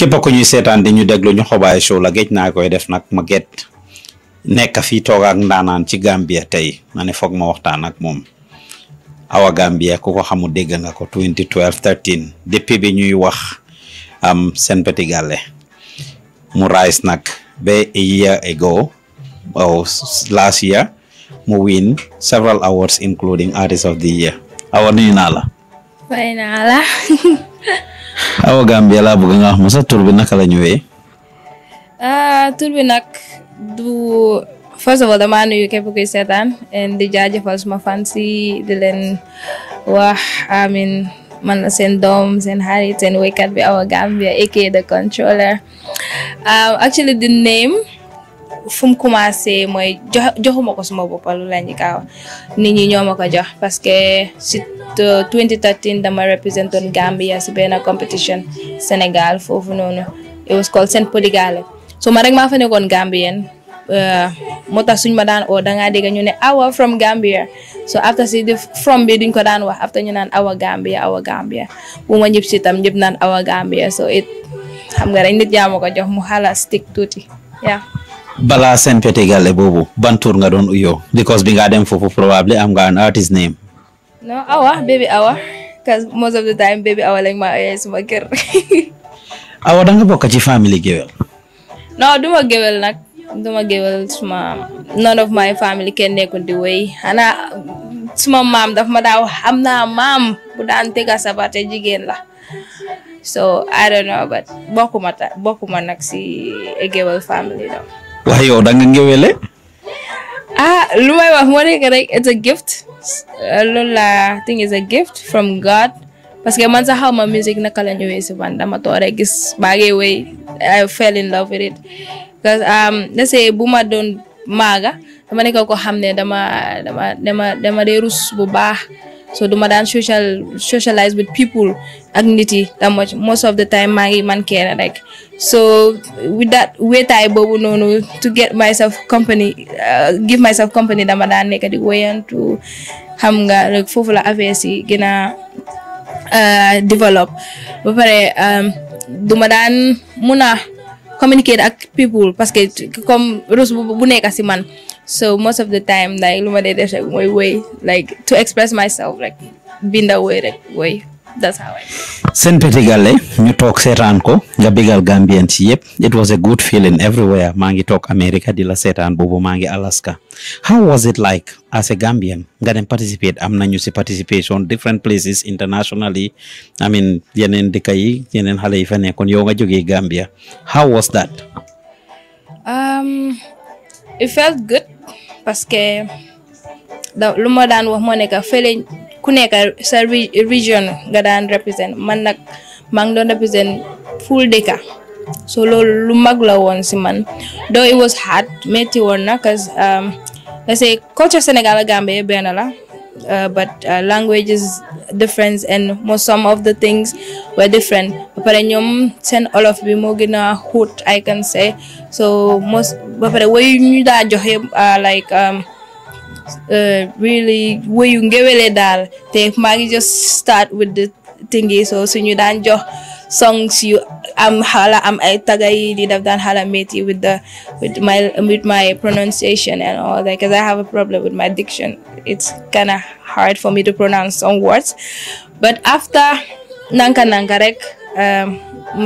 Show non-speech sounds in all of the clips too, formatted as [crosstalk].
képp ku ñuy seetaan di ñu déglu ñu Xobaay Show la géej naa koy def nag ma get nekk fii toog ak ndaanaan ci Gambia tey ma foog ma waxtaan ak moom Awa Gambia ku ko xamul dégg nga ko 2012 13 depuis bi ñuy wax am seen petit gàlle mu rise nag ba a year ago or oh, last year mu wiin several awards including artist of the year Awa nuyu naa la. fay la. [laughs] Awa Gambia laa bëgg nga wax ma sa tur bi naka la ñëwee. ah tur bi nag du first of all damaa nuyu képp kuy seetaan di jaajëfal suma fan si di leen wax amin man la seen doom seen xarit seen woykat bi Awa Gambia aka the controller ah, actually the name. fum commencé moy jox joxuma ko suma bopp lu lañ ka kaa nit ñi ñomako jox parce que ci 2013 dama representon Gambia ci ben competition Sénégal fofu it was called saint Poligale so ma rek ma fa nekkoon Gambien euh tax ma daan da nga dégg ñu né awa from Gambia so after si the from bi duñ ko daan wax after ñu naan awa Gambia awa Gambia bu ma ñëpp si tam ñëpp naan awa Gambia so it xam nga rek nit jaamako muhala jox mu hala stick tuti ya. balaa seen petegale boobu ban nga doon uyoo because bi nga dem foofu probably am nga an artist name no awa baby awa because most of the time baby awa lañ ma oyee suma kër [laughs] awa danga bokk ci family géwél no duma géwél nag duma géwél suma none nekkul di wéy maam daf ma daa wax am naa maam bu daan tega sabate jigéen la so I don't know but bokkuma ta nag si a eh, géwél family no wayo o dangange wele ah lu may wax moo nekk it's a gift loolu uh, thing think is a gift from God parce que man how my music na naka la ñëwee si man dama rek gis ngi I fell in love with it because um, let's say buma don maga maaga dama nekk ko xam ne dama dama dama dama dee rus bu so duma daan social socialize with people ak nit yi that most of the time maa ngi man kenn rek so with that wéetaay boobu noonu to get myself company uh, give myself company dama daan nekk di wéyantu xam nga rek foofu la affaire si gën a uh, développe ba pare um, duma daan mun a communicate ak people parce que comme rus bu bu nekk si man so most of the time like lu ma dee def rek mooy woy like to express myself rek binda woy rek woy that's how I Sen Petigale, ñu tok sétane ko Gambian ci It was a good feeling everywhere. Ma talk tok America di la sétane bobu ma Alaska. How was it like as a Gambian? Nga dem participate am nañu ci participation different places internationally. I mean yeneen dëkk yi, yeneen xalé yi fa Gambia. How was that? Um it felt good parce que lu ma daan wax ku nekk sa region nga daan represent man nag maa ngi doon represent full dëkka so loolu lu mag la woon si man though it was hard metti woon na cause um, la say culture Sénégal ak Gambie la uh, but uh, languages difference and most some of the things were different ba pare ñoom seen olof bi moo gën a xóot I can say so most ba pare wayu ñu daa joxe uh, like um, uh, really you ngéwéle daal te maa ngi just start with the thingy so suñu done your songs yu am xala am ay taga yi di daf daan xala métti with the with my with my pronunciation and all that because I have a problem with my diction it's kind of hard for me to pronounce some words but after nanka nanka rek um,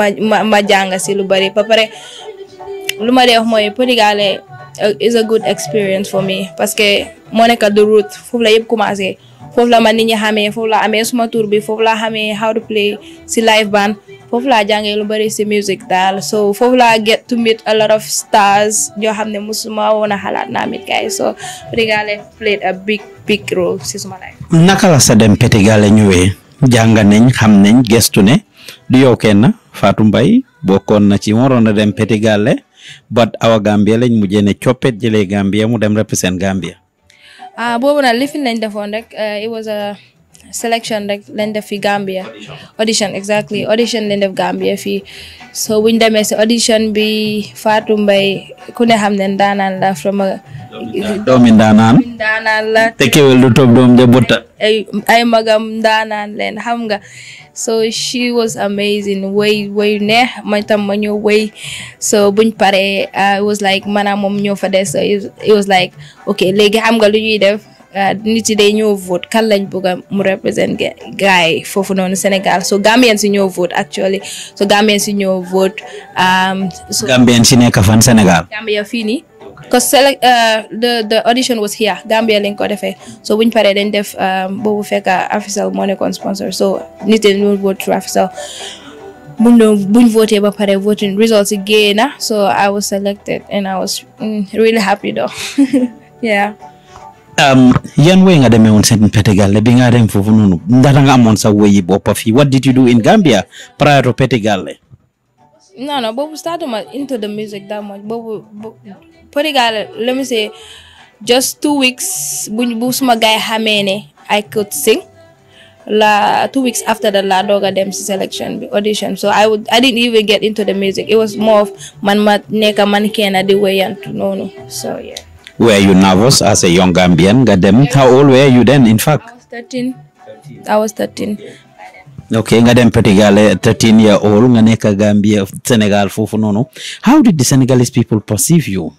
ma ma ma jàng si lu pare Polygale is a good experience for me parce que moo nekk the root foof la yëpp commencé foofu la ma nit ñi xamee foofu la amee suma tour bi foofu la xamee how to play si live band foofu laa jàngee lu bari si music daal so foofu laa get to meet a lot of stars yoo xam ne musuma woon a xalaat naa mit kay so Petit played a big big role si suma life. naka la sa dem Petit Galleh ñëwee jàng nañ xam nañ gestu ne du yow kenn Fatou Mbaye bokkoon na ci waroon a dem Petit but our Gambia lañ mujjé né coppet jëlee Gambia mu dem represent Gambia. ah boobu nag li nañ defoon rek uh, it was a selection rek lañ def fi Gambia audition exactly audition lañ def Gambia fii so buñ demee si audition bi faatu mbay ku ne xam ne daanaan la from a doomi daanaan la te kéwél du doom ja butta ay magam daanaan leen xam nga so she was amazing way way neex ma tam ma ñëw way so buñ pare it was like maanaam moom ñoo fa des so it was like ok léegi xam nga lu ñuy def Euh, nit yi day ñëw vote kan lañ bëgg a mu represent gaay foofu noonu Sénégal so Gambien si ñëw vote actually so Gambien si ñëw vote. Um, Gambien si nekk fan Sénégal. Gambia fii nii. because uh, the the audition was lañ ko defee so buñ paree dañ def um, boobu fekk Africell moo nekkoon sponsor so nit yi ñu vote through Africell buñ doon ba pare voting results yi génn so I was selected and I was mm, really happy though [laughs] yeah. yan way nga demee woon seen Pete bi nga dem foofu noonu ndax nga amoon sa woyi bopp fii what did you do in Gambia prior to Pete Galde. non non boobu startuma into the music that much bu suma gaay xamee ne I could sing la two weeks after that la doog a dem selection bi audition so I would I didn't even get into the music it was more of man ma nekk man kenn di wéyantu noonu so Were you nervous as a young Gambian? Gadem, how old were you then, in fact? I was 13. 13. I was 13. Okay, nga pretty girl, eh, 13 year old, nga Gambia, Senegal, fufu nono. How did the Senegalese people perceive you?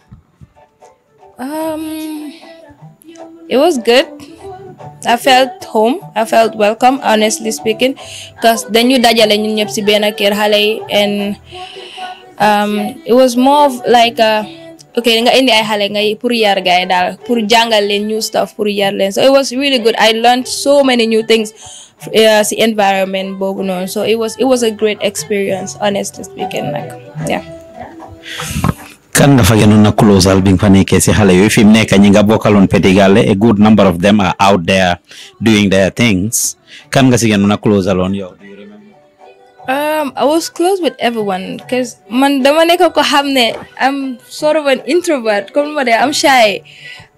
Um, it was good. I felt home. I felt welcome, honestly speaking, because then you dajale ñun ñep ci ben kër xalé and um it was more of like a okay nga indi ay xale ngay pour yar gaay daal pour jàngal leen new stuff pour yar leen so it was really good I learned so many new things uh, si environment boobu noonu so it was it was a great experience honestly speaking nag yeah kan nga fa gënoon na close bi nga fa nekkee si xale yooyu fi mu nekk ñi nga bokkaloon a good number of them are out there doing their things kan nga si gënoon na close yow Um, I was close with everyone because man, the I'm sort of an introvert. I'm shy,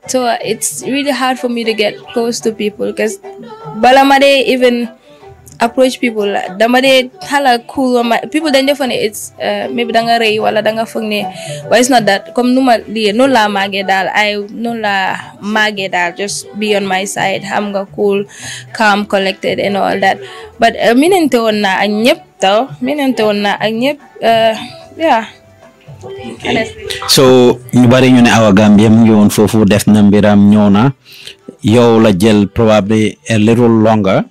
so it's really hard for me to get close to people because balamade even approach people damade hala cool people then definitely it's uh, maybe danga ray wala danga fogne but it's not that Come numa no la mage dal i no la mage dal just be on my side I'm hamga cool calm collected and all that but uh, minen te na ak taw minante woon naa ak ñëpp yeah so ñu bari ñu ne awa gambia mu ngi woon foofu def na mbiram ñëw yow la jël probably a little longer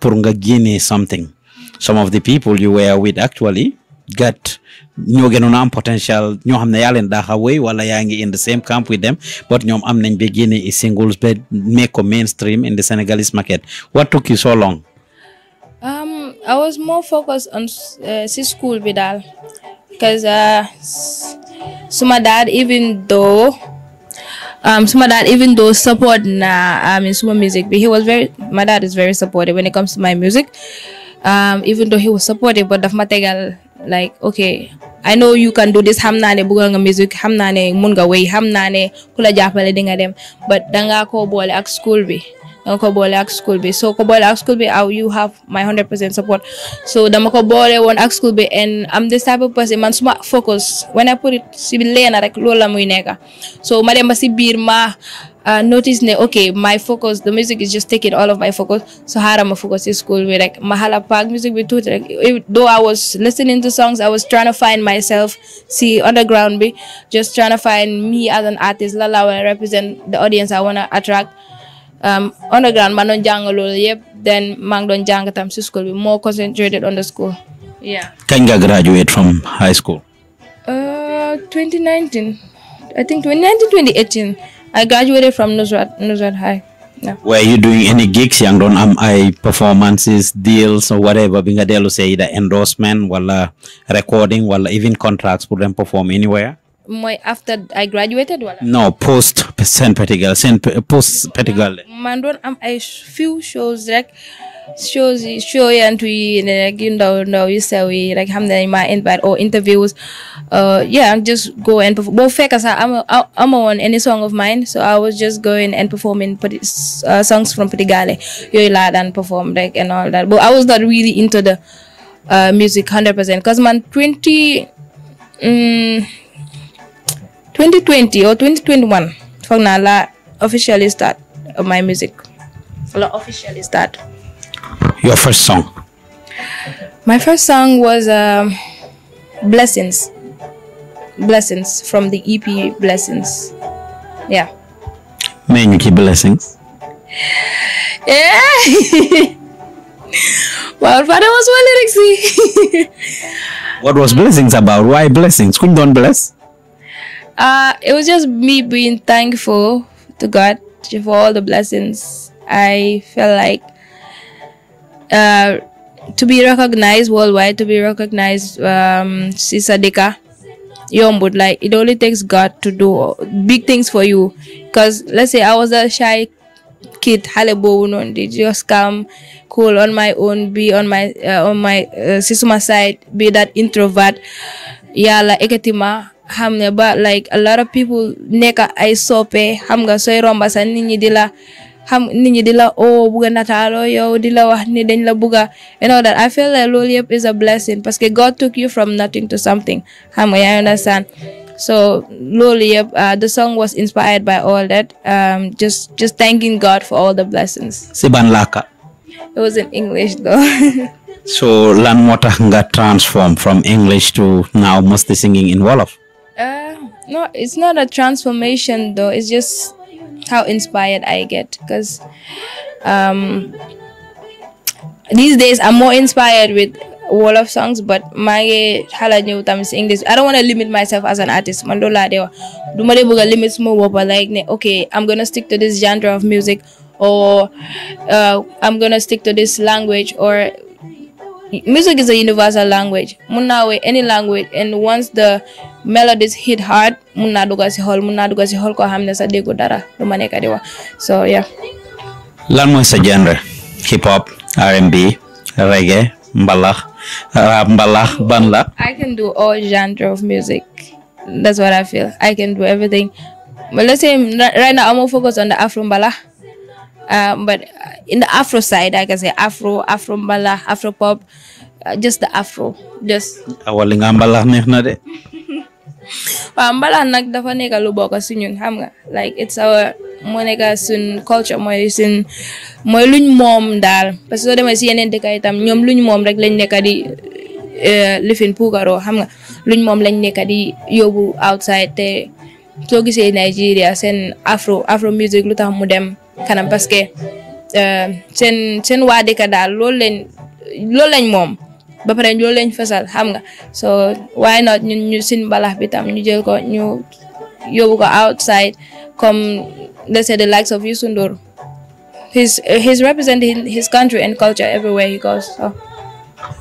pour nga génne something some of the people you were with actually got ñoo gënoon am potential ñoo xam ne yaa leen daaxa wala yaa ngi in the same camp with them but ñoom am nañ ba génne singles ba make ko mainstream in the senegalese market what took you so long I was more focused on uh, school with because uh, so my dad even though um so my dad even though support na um in some music but he was very my dad is very supportive when it comes to my music um even though he was supportive but the material like okay I know you can do this xam naa ne bëgg nga music xam naa ne mun nga wéy xam ne kula japa le dinga dem but danga ko bole ak school bi Makobole Ask School be So Kobole Ask School how you have my 100% support. So the Makobole want ask School be, and I'm this type of person, man, smart focus. When I put it, sibile na rek lola muy neka. So madem ba si bir ma uh, notice ne okay my focus the music is just taking all of my focus so how am i focusing school be like mahala park music Be too like, though i was listening to songs i was trying to find myself see underground be just trying to find me as an artist lala when i represent the audience i want to attract um, underground ma doon jàng loolu yep. then mang ngi doon jàng tam si school be more concentrated on the school yeah kañ you graduate from high school uh 2019 I think 2019 2018 I graduated from Nusrat Nusrat High yeah. Were you doing any gigs yang don am I performances deals or whatever being a say the endorsement wala recording wala even contracts Put them perform anywhere my after I graduated? Wala? No, post St. Pettigal, St. post Pettigal. Man, um, I few shows like shows show and we like you know no you say we like have them my invite or interviews uh yeah I'm just go and perform well fair because i'm a, i'm on any song of mine so i was just going and performing uh, songs from Petigale, you lad and perform like and all that but i was not really into the uh music 100 percent because man 20 um, 2020 or 2021 For now, officially start my music la officially start your first song my first song was um, blessings blessings from the ep blessings yeah Many keep blessings yeah [laughs] well father was well lyrics [laughs] what was blessings about why blessings couldn't bless uh, it was just me being thankful to God for all the blessings. I felt like uh, to be recognized worldwide, to be recognized, um, Sisadika, Yombud, like it only takes God to do big things for you. Because let's say I was a shy kid, Halebo, they just come cool on my own, be on my uh, on my uh, sisuma side, be that introvert. Yeah, like Eketima, ba like a lot of people neka ay soppe xam nga sooy romba sax nit ñi di la xam nit ñi di la oo oh, bugg la ni dañ la you know that I feel like loolu is a blessing Because God took you from nothing to something xam nga understand so loolu uh, the song was inspired by all that um, just just thanking God for all the blessings. it was in English though. [laughs] so lan moo tax nga transform from English to now mostly singing in Wolof. No, it's not a transformation though. It's just how inspired I get because um, these days I'm more inspired with wall of songs but my ngi xalaat ñëw tamit English I don't want to limit myself as an artist man loolu laa buga limits mo like ne ok I'm gonna stick to this genre of music or uh, I'm gonna stick to this language or music is a universal language mun naa woy any language and once the melodies hit hard mun naa dugg si xol mu naa dugg si xol koo xam ne sa déggu dara lu ma nekk di wax so yeah. lan mooy sa genre hip hop R&B reggae mbalax rap mbalax ban la. I can do all genre of music that's what I feel I can do everything but let's say right now I'm more focused on the afro mbalax. Um, but uh, in the Afro side, I say Afro, Afro mbala, Afro pop, uh, just the Afro, just. awali nga neex na de. [laughs] waaw nag dafa nekk lu bokk si xam nga like it's our moo nekk suñ culture mooy suñ mooy luñ moom daal parce que soo demee si yeneen dëkk itam ñoom luñ moom rek lañ nekk di uh, lifin puukaroo xam nga luñ moom lañ nekk di yóbbu outside te soo gisee Nigeria seen afro afro music lu tax mu dem. kanam parce que euh, seen seen waa dëkk daal lool lañ loolu lañ moom ba pare loolu lañ fasal xam nga so why not ñun ñu sin mbalax bi tam ñu jël ko ñu yóbbu ko outside comme let's say the likes of Youssou Ndour he's he's representing his country and culture everywhere he goes so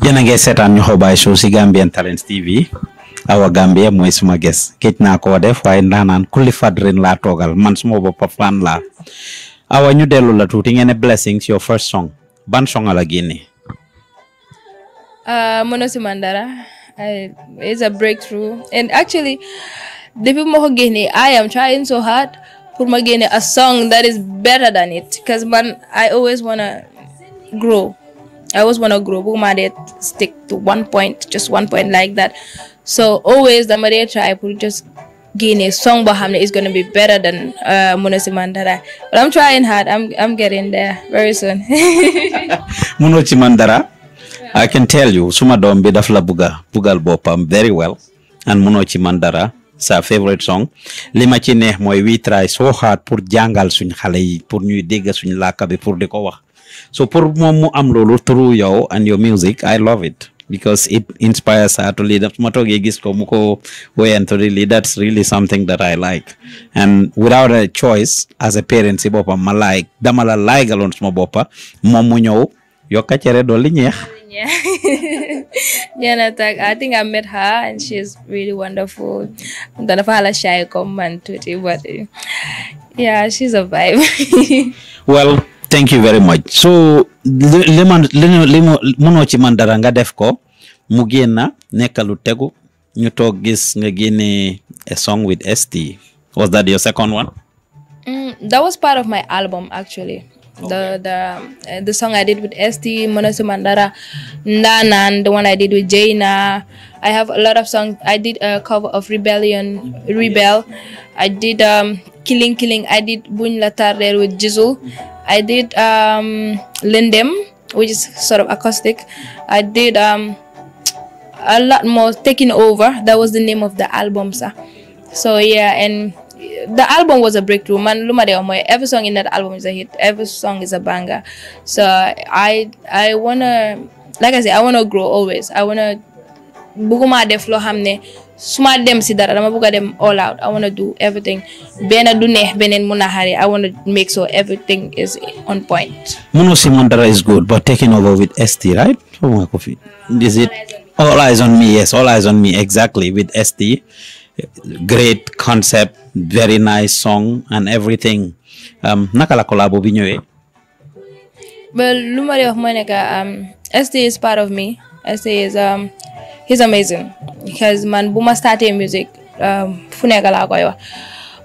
yéen a ngi seetaan ñu Xobaay show si Gambian Talents TV Awa Gambia mooy suma ges géej naa koo def waaye ndaanaan kulli fadrin laa toogal man suma boppa fan laa awa new dellu la tuuti ngeen blessings your first song ban song alagini. génne uh, mëno si mandara it's a breakthrough and actually the people ko I am trying so hard for ma a song that is better than it because man I always wanna grow I always wanna grow bugguma dee stick to one point just one point like that so always the Maria try pour just génnee song boo xam ne is gonna be better than uh, Muna Si Mandara but I'm trying hard I'm I'm getting there very [laughs] I can tell you suma doom bi daf la buga bugal boppam very well and Muna Si Mandara sa favorite song li ma ci neex mooy we try so hard pour jàngal suñ xale yi pour ñuy dégg suñ làkk bi pour di ko wax so pour moom mu am loolu through yow and your music I love it. because it inspires her to lead up muko and to really that's really something that i like and without a choice as a parent sibopa malaik damala like alon smobopa momunyo yokachere dolinye [laughs] yeah yeah i think i met her and she's really wonderful ndanafahala shy come and to but yeah she's a vibe [laughs] well thank you very much so li ma li mënoo ci man dara nga def ko mu génna nekk tegu ñu toog gis nga génne a song with ST was that your second one. Mm, that was part of my album actually. Okay. the the uh, the song I did with Esti Monosu Mandara Nanan the one I did with Jaina I have a lot of songs I did a cover of Rebellion Rebel I did um Killing Killing I did Buñ la Tardel with Jizzle I did um, Lindem, which is sort of acoustic. I did um, a lot more taking over. That was the name of the album, sir. So yeah, and the album was a breakthrough. Man, luma de Omoy. Every song in that album is a hit. Every song is a banger. So I I wanna, like I said, I wanna grow always. I wanna. Buguma de lo hamne su ma dem si dara dama bugg a dem all out I wanna do everything benn du neex beneen mu naxari I wanna make sure everything is on point. munoo si man dara is good but taking over with ST right xaw all eyes on me yes all eyes on me exactly with ST great concept very nice song and everything um, naka la collabo bi ñëwee. well lu ma di wax mooy ne um, is part of me. essay is um he's amazing because man buma started music um funeka la kwa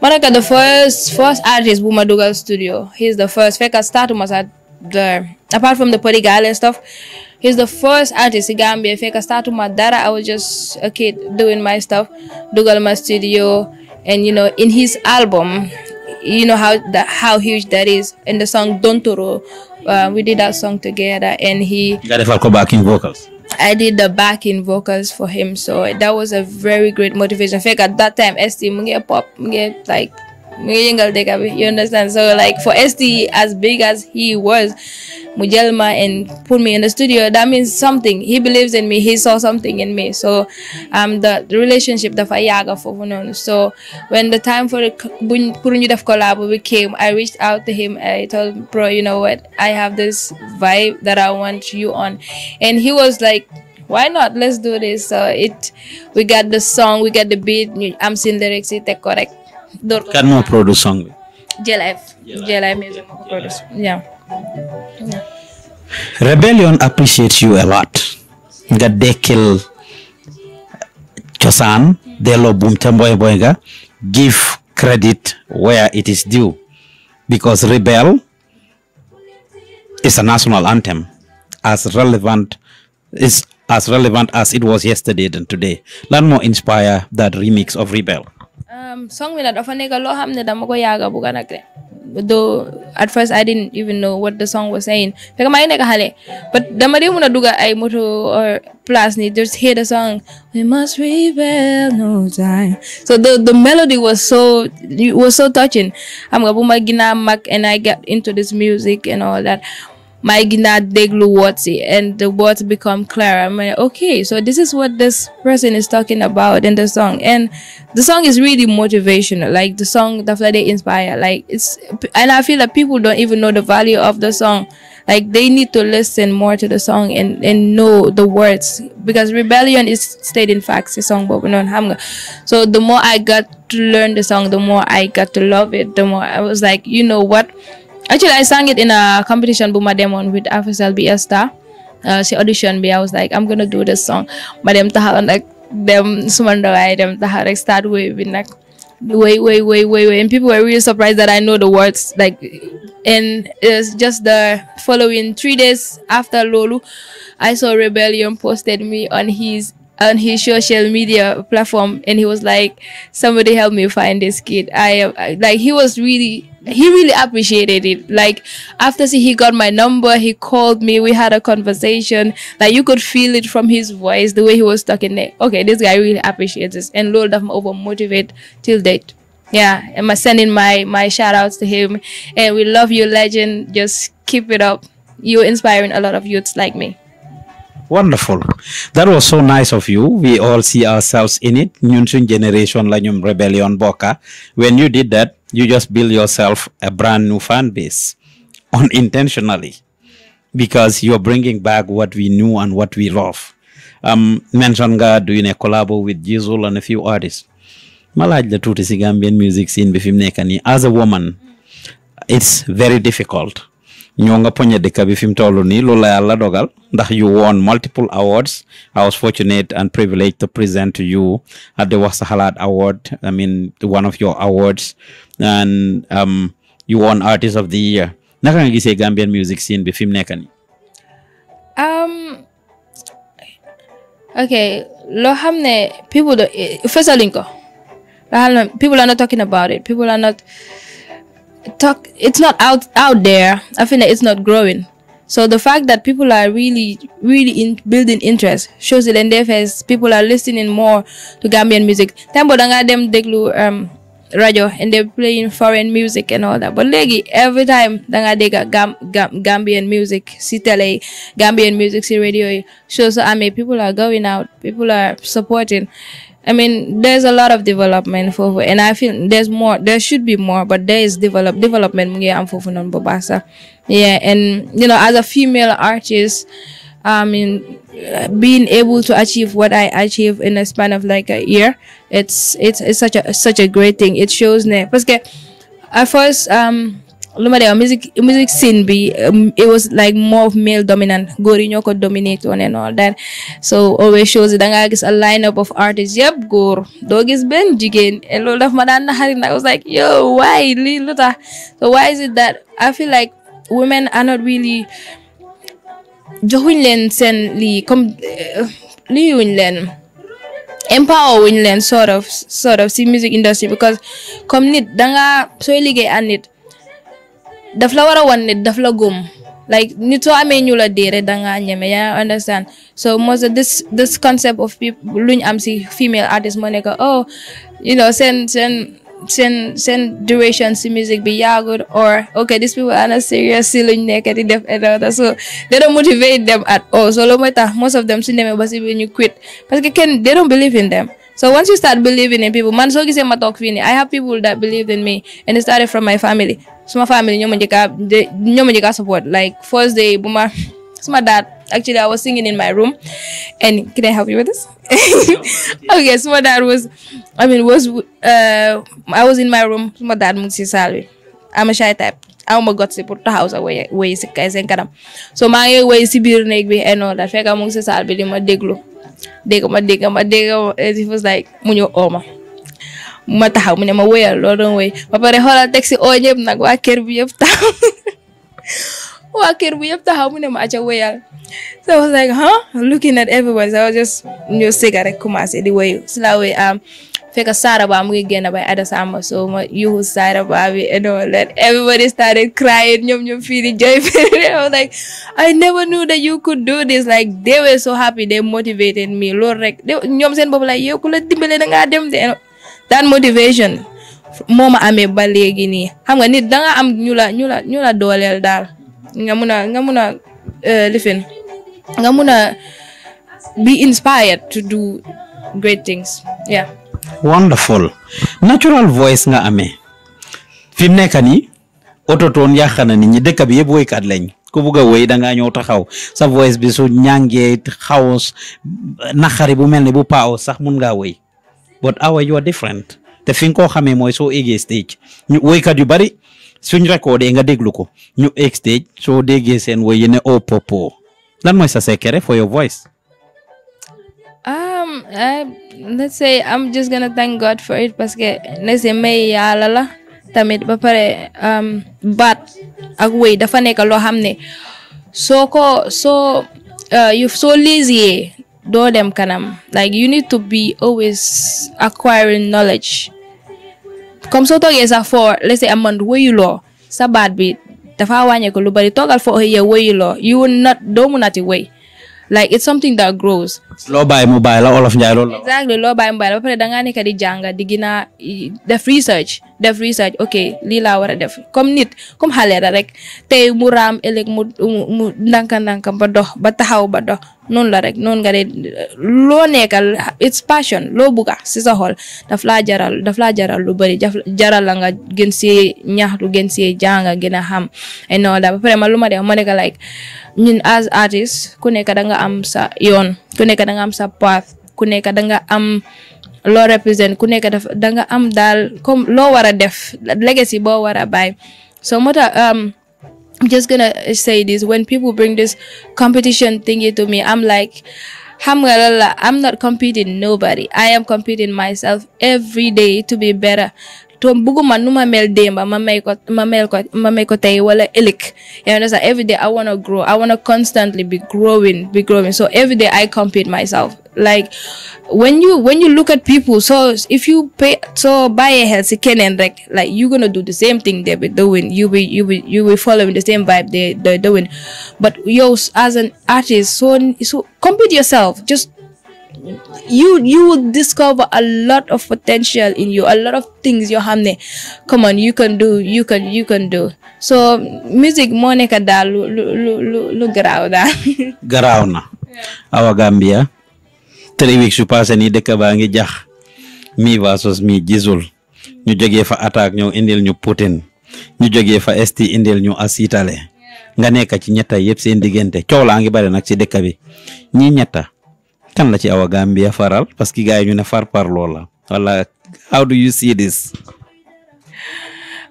Monica the first first artist buma dugal studio he's the first Fika start was at the apart from the Podi and stuff he's the first artist in Gambia feka start madara I was just a kid doing my stuff dugal my studio and you know in his album you know how that how huge that is in the song Dontoro uh, we did that song together and he got a back in vocals I did the backing vocals for him, so that was a very great motivation. I think at that time, ST, like you understand? So like for ST as big as he was, Mujelma and put me in the studio, that means something. He believes in me. He saw something in me. So um the, the relationship the Fayaga for So when the time for the Kurunjudaf we came, I reached out to him. I told him, bro, you know what? I have this vibe that I want you on. And he was like why not let's do this so it we got the song we got the beat i'm seeing lyrics it's correct door kan moo produce song bi Jelife Jelife music yeah Rebellion appreciates you a lot nga dekkil cosaan delloo buum ca mboy mboy nga give credit where it is due because Rebel is a national anthem as relevant is as relevant as it was yesterday and today. Let more inspire that remix of Rebel. Um, song we nag dafa nekk loo xam dama ko yàgg a bugg though at first I didn't even know what the song was saying. Fekk maa ngi nekk but dama dee mun a ay moto or place ni just hear the song we must rebel no time so the the melody was so it was so touching I'm bu ma gën a and I got into this music and all that my Deglu Watsi and the words become clear. I'm like, okay, so this is what this person is talking about in the song. And the song is really motivational. Like the song definitely inspire. Like it's and I feel that people don't even know the value of the song. Like they need to listen more to the song and, and know the words. Because rebellion is in facts, the song but we know not have. So the more I got to learn the song, the more I got to love it, the more I was like, you know what? Actually, I sang it in a competition, Buma Demon, with FSLB Star. Uh, she auditioned me. I was like, I'm gonna do this song. But them tahalan like them sumandawai them tahal like start waving like way way way way way and people were really surprised that i know the words like and it's just the following three days after lolu i saw rebellion posted me on his on his social media platform and he was like somebody help me find this kid i, I like he was really he really appreciated it like after he got my number he called me we had a conversation like you could feel it from his voice the way he was talking like, okay this guy really appreciates this and lord of over motivate till date yeah and i'm sending my my shout outs to him and we love you legend just keep it up you're inspiring a lot of youths like me wonderful that was so nice of you we all see ourselves in it ñun generation la rebellion bokka when you did that you just build yourself a brand new fan base unintentionally because you're bringing back what we knew and what we love um mention nga doing a collab with Jizzle and a few artists malaaj tuti tuuti si Gambian music scene bi as a woman it's very difficult ñoo nga poñe dëkk bi fi mu toll nii loolu la yàlla dogal ndax yu won multiple awards I was fortunate and privileged to present to you at the Wax Sa Xalaat award I mean one of your awards and um, you won of the year naka nga gisee Gambian music scene bi fi mu nekk nii. Um, okay loo xam ne people do eh, not talking about it talk it's not out out there i feel like it's not growing so the fact that people are really really in building interest shows it and therefore people are listening more to gambian music um radio and they're playing foreign music and all that but legi every time they dega gam, gam, gambian music si tele gambian music si radio shows i mean people are going out people are supporting I mean, there's a lot of development for, and I feel there's more. There should be more, but there is develop development. Yeah, I'm for Bobasa. Yeah, and you know, as a female artist, I mean, being able to achieve what I achieve in a span of like a year, it's it's, it's such a such a great thing. It shows ne, because at first um lu ma de music music scene bi um, it was like more of male dominant góor yi ñoo ko dominate woon and all that so always shows da nga gis a line up of artists yëpp góor doo gis benn jigéen and loolu daf ma daan naxari nag I was like yo why lii lu so why is it that I feel like women are not really joxuñ leen seen lii comme eh, lii wuñ leen empower wuñ leen sort of si music industry because comme nit danga sooy liggéey ak nit daf la war a wan ne daf la góom like nit soo amee ñu la déere dangaa ñeme yaa understand so most of this this concept of people luñ am si female artist moo nekk oh you know seen seen seen seen duration si music bi yàggul or ok these people are not serious si luñ nekk di def et so they don't motivate them at all so loolu mooy tax most of them si demee ba si bi quit parce que kenn they don't believe in them So once you start believing in people, man, so kise matok fini. I have people that believed in me, and it started from my family. So my family, nyo manjika, nyo support. Like first day, buma, so my dad. Actually, I was singing in my room, and can I help you with this? [laughs] okay, so my dad was, I mean, was uh, I was in my room. So my dad mungsi salary. I'm a shy type. aw ma got si pour taxaw sax way way si kay seen kanam so my way si biir néeg bi and all that fekk mu ngi si saal bi my ma dégg ma dégga ma dégg ma it was mu ñëw oo ma ma taxaw mu ne ma wéyal loolu doon wéy ba pare xoolal teg si oo ñëpp nag waa kër bi yëpp [laughs] waa kër bu yëpp taxaw mu ne ma aca woyal so I was like huh looking at everyone so I was just ñëw sega rek commencé di woyu si laa woy am um, fekk Sara Ba mu ngi génn bay Ada Samba so ma yuhu Sara Ba bi and all that everybody started crying ñoom ñoom fii di jooy [laughs] I was like I never knew that you could do this like they were so happy they motivated me loolu rek ñoom seen bopp la yow ku la dimbale da ngaa dem de that motivation moo ma amee ba léegi nii xam nga nit da nga am ñu la ñu la ñu la dooleel daal nga mun a nga mun a euh, lifin nga mun a be inspired to do great things yeah. wonderful natural voice nga amee fi mu nekk nii autotone yàq na nit ñi dëkk bi yëpp woykat lañ ku bugg woy da ñëw taxaw sa voice bi su ñàngee xaw naqari bu mel ni bu paaw sax mun ngaa woy but awa you are different te fi nga koo xamee mooy soo eggee stage ñu woykat yu bari. suñ recordé nga déglu ko ñu extage soo déggee seen woy yi ne au oh, popo lan mooy sa secret for your voice. Um, let's say I'm just gonna thank God for it parce que let's say may yàlla la tamit ba pare um, baat ak woy dafa nekk loo xam ne soo ko soo uh, you soo lazy doo dem kanam like you need to be always acquiring knowledge. comme soo toogee sax foo lese am man wëyuloo sa baat bi dafa wàññeeku lu bari toogal foo yow wëyuloo you will not doo munati wëy like it's something that grows loo bàyyi mu bàyyi la olof Njaay loolu la. exactly loo bàyyi mu bàyyi la ba pare da ngaa nekk di jàng di gën def research ok lii laa war a def comme nit comme xale la rek tey mu raam ëllëg mu mu ndànka ndànka ba dox ba taxaw ba dox noonu la rek noonu nga de loo nekkal it's passion loo bugga si sa xol daf laa jaral daf laa jaral lu bëri jaral la nga gën see ñaxtu gën see jàng gën a xam et non da ba pare ma lu ma def ma nekk like ñun as artist ku nekk da nga am sa yoon. ku nekk da nga am sa path ku nekk da nga am loo represent ku nekk dafa da nga am daal comme loo war a def legacy boo war a bàyyi so moo tax I'm um, just gonna say this when people bring this competition thingy to me I'm like alhamdulillah I'm not competing nobody I am competing myself every day to be better toom bëgguma nu mel démba ma may ko ma mel ko you understand every day I want to grow I want to constantly be growing be growing so every day I compete myself like when you when you look at people so if you pay so buy a healthy Kenyan like like you're gonna do the same thing they be doing you be you be you be following the same vibe they they're doing but yo as an artist so so compete yourself just you you will discover a lot of potential in you a lot of things you have come on you can do you can you can do so music moo da lu lu lu lu garaaw daal garaaw na awa Gambia three weeks you pass nii ngi jax mi versus mi jizul ñu jógee fa attaque ñëw indil ñu Putin ñu jógee fa est indil ñu asiitale nga nekk ci ñetta yëpp seen diggante coow laa ngi bare Nyinyata. kan la ci Awa Gambia faral parce que gars ñu ne far par loola wala how do you see this.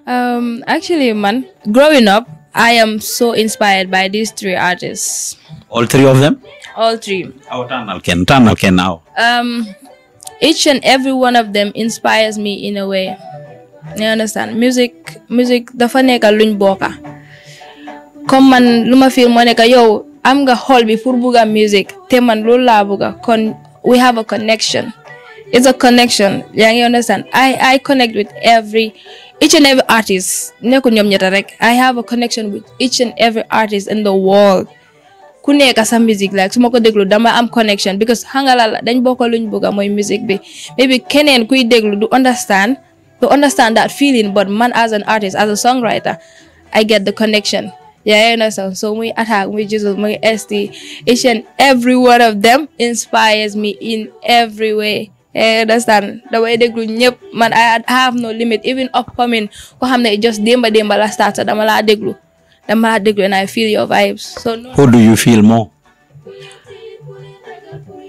Um, actually, man, growing up, I am so inspired by these three artists. All three of them? All three. Um, of them inspires me in a way. Music, dafa nekka luñ bokka. Comme man, lu ma feel yow am nga xol bi pour bugga music te man loolu laa bugga kon we have a connection it's a connection yaa ngi understand I I connect with every each and every artist nekku ñoom ñetta rek I have a connection with each and every artist in the world ku nekk sa musique like su ma ko déglu dama am connection because xangalal dañ bokk luñ bëgg mooy musique bi maybe keneen kuy déglu du understand to understand that feeling but man as an artist as a songwriter I get the connection Yeah, you understand? So when attack, when Jesus, when ST, each and every one of them inspires me in every way. Yeah, you understand? The way they grew, yep, man, I have no limit. Even upcoming, ko hamne just demba demba la started. I'm la deglu, I'm la deglu, and I feel your vibes. So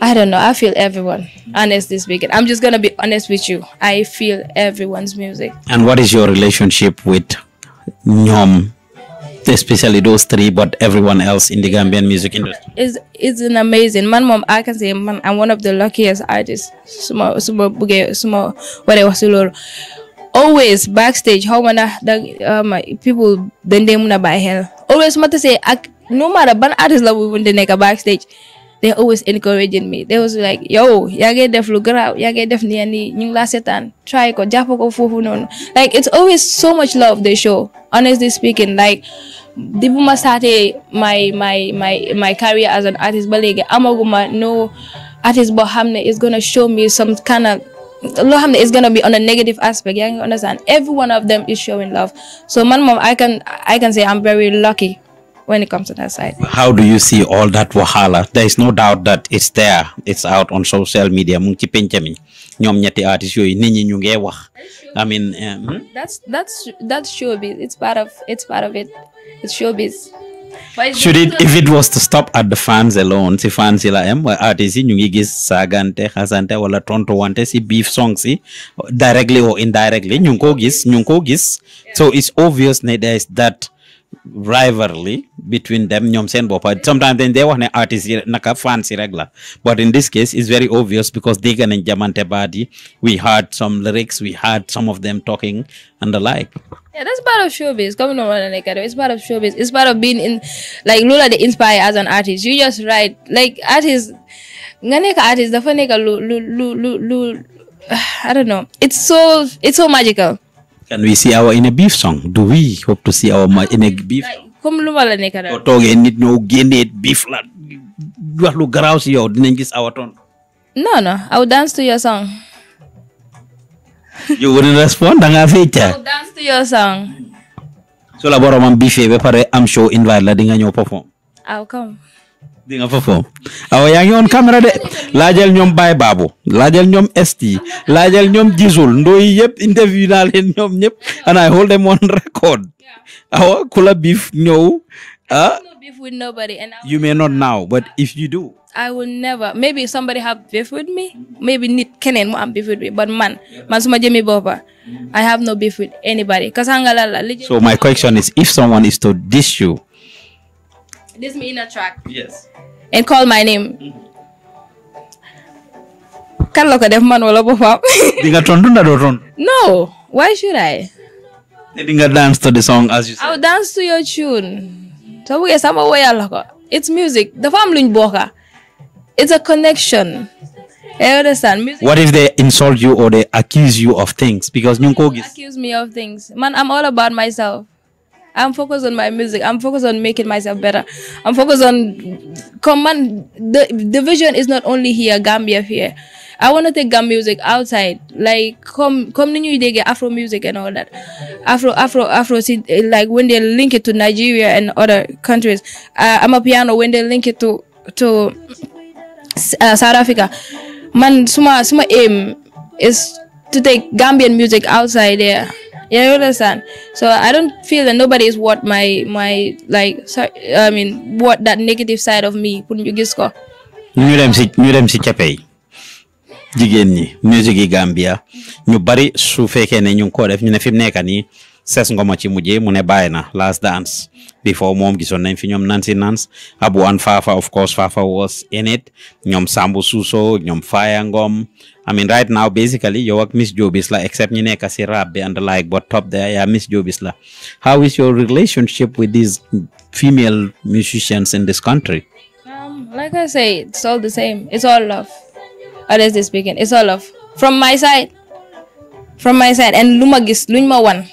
I don't know. I feel everyone. Honest this weekend. I'm just gonna be honest with you. I feel everyone's music. And what is your relationship with Nyom? especially those three, but everyone else in the Gambian music industry. It's, it's an amazing. Man, mom, I can say, man, I'm one of the luckiest artists. Small, small, buge, small, whatever, always backstage, how many um, people then muna buy hell. Always matter say, no matter ban artist love when they make backstage. they always encouraging me they was like yo yaa def lu garaaw def nii nii ñu try ko jàpp ko foofu like it's always so much love they show honestly speaking like the buma started my my my my career as an artist ba léegi amaguma no artist but xam is gonna show me some kind of loo is gonna be on a negative aspect You understand every one of them is showing love so man mom, I can I can say I'm very lucky when it comes to that side. How do you see all that wahala? There is no doubt that it's there. It's out on social media. I mean um, that's that's that's showbiz. It's part of it's part of it. It's showbiz. Should it if it was to stop at the fans alone See fans yi la am waaye artist yi gis saagante wala wante si beef songs directly or indirectly ñu ngi so it's obvious ne there is that rivalry between them ñoom seen boppa sometimes then they wax an artist, naka but in this case it's very obvious because they and jamante baat we heard some lyrics we heard some of them talking and the like yeah that's part of showbiz coming on and like it's part of showbiz it's part of being in like lula they inspire as an artist you just write like artists. nga nekk artist dafa lu lu lu lu [sighs] I don't know it's so it's so magical Can we see our inner beef song? Do we hope to see our inner beef song? comme lu ma la nekk daal. soo toogee nit ñoo génnee beef la wax lu garaaw si yow dinañ gis awa tontu. non non I dance to your song. you wouldn't respond da ngaa fecca. I will dance to your song. ba pare am show invite la di nga ñëw perform. di nga fa foofu awa yaa caméra de lajel ñoom Baye Babou laajal ñoom ST laajal ñoom Jisul ndooy yëpp interview naa leen ñoom ñëpp and I hold them on record awa kula la biif ñëw ah you may not now but if you do I will never maybe somebody have beef with me maybe nit keneen mu am beef with me but man man suma jëmi boppa I have no beef with anybody kasanga la la so my question is if someone is to diss you this me in a track. Yes. And call my name. Can look at the man wala bopam. [laughs] Dinga tondunda do No, why should I? Dinga dance to the song as you say. I'll dance to your tune. So we sama waya It's music. The family in boka. It's a connection. I understand. Music what if they insult you or they accuse you of things? Because Nyunko accuse me of things. Man, I'm all about myself. I'm focused on my music. I'm focused on making myself better. I'm focused on command. The, the vision is not only here, Gambia here. I want to take Gambia music outside, like come come New they get Afro music and all that, Afro Afro Afro. Like when they link it to Nigeria and other countries, uh, I'm a piano. When they link it to to uh, South Africa, man, suma suma aim is to take Gambian music outside there. Yeah. Yeah, you understand. So I don't feel that nobody is what my my like. I mean, what that negative side of me. Pun you gis ko. ñu dem si ñu jigéen ñi musique yi Gambia ñu bari su fekkee ne ñu ngi ñu ne fi mu nekk nii ses ngoma ci mujjee mu ne last dance before mom gisone. nañ fi ñoom Nancy Nance Abu and Fafa of course Fafa was in it ñoom Sambu Suso ñoom Faya Ngom I mean right now basically yow ak Miss Jobis la except ñu nekk si rap bi and like but top there yeah, Miss Jobis la how is your relationship with these female musicians in this country um, like I say it's all the same it's all love honestly speaking it's all love from my side from my side and Lumagis, ma gis luñ ma wan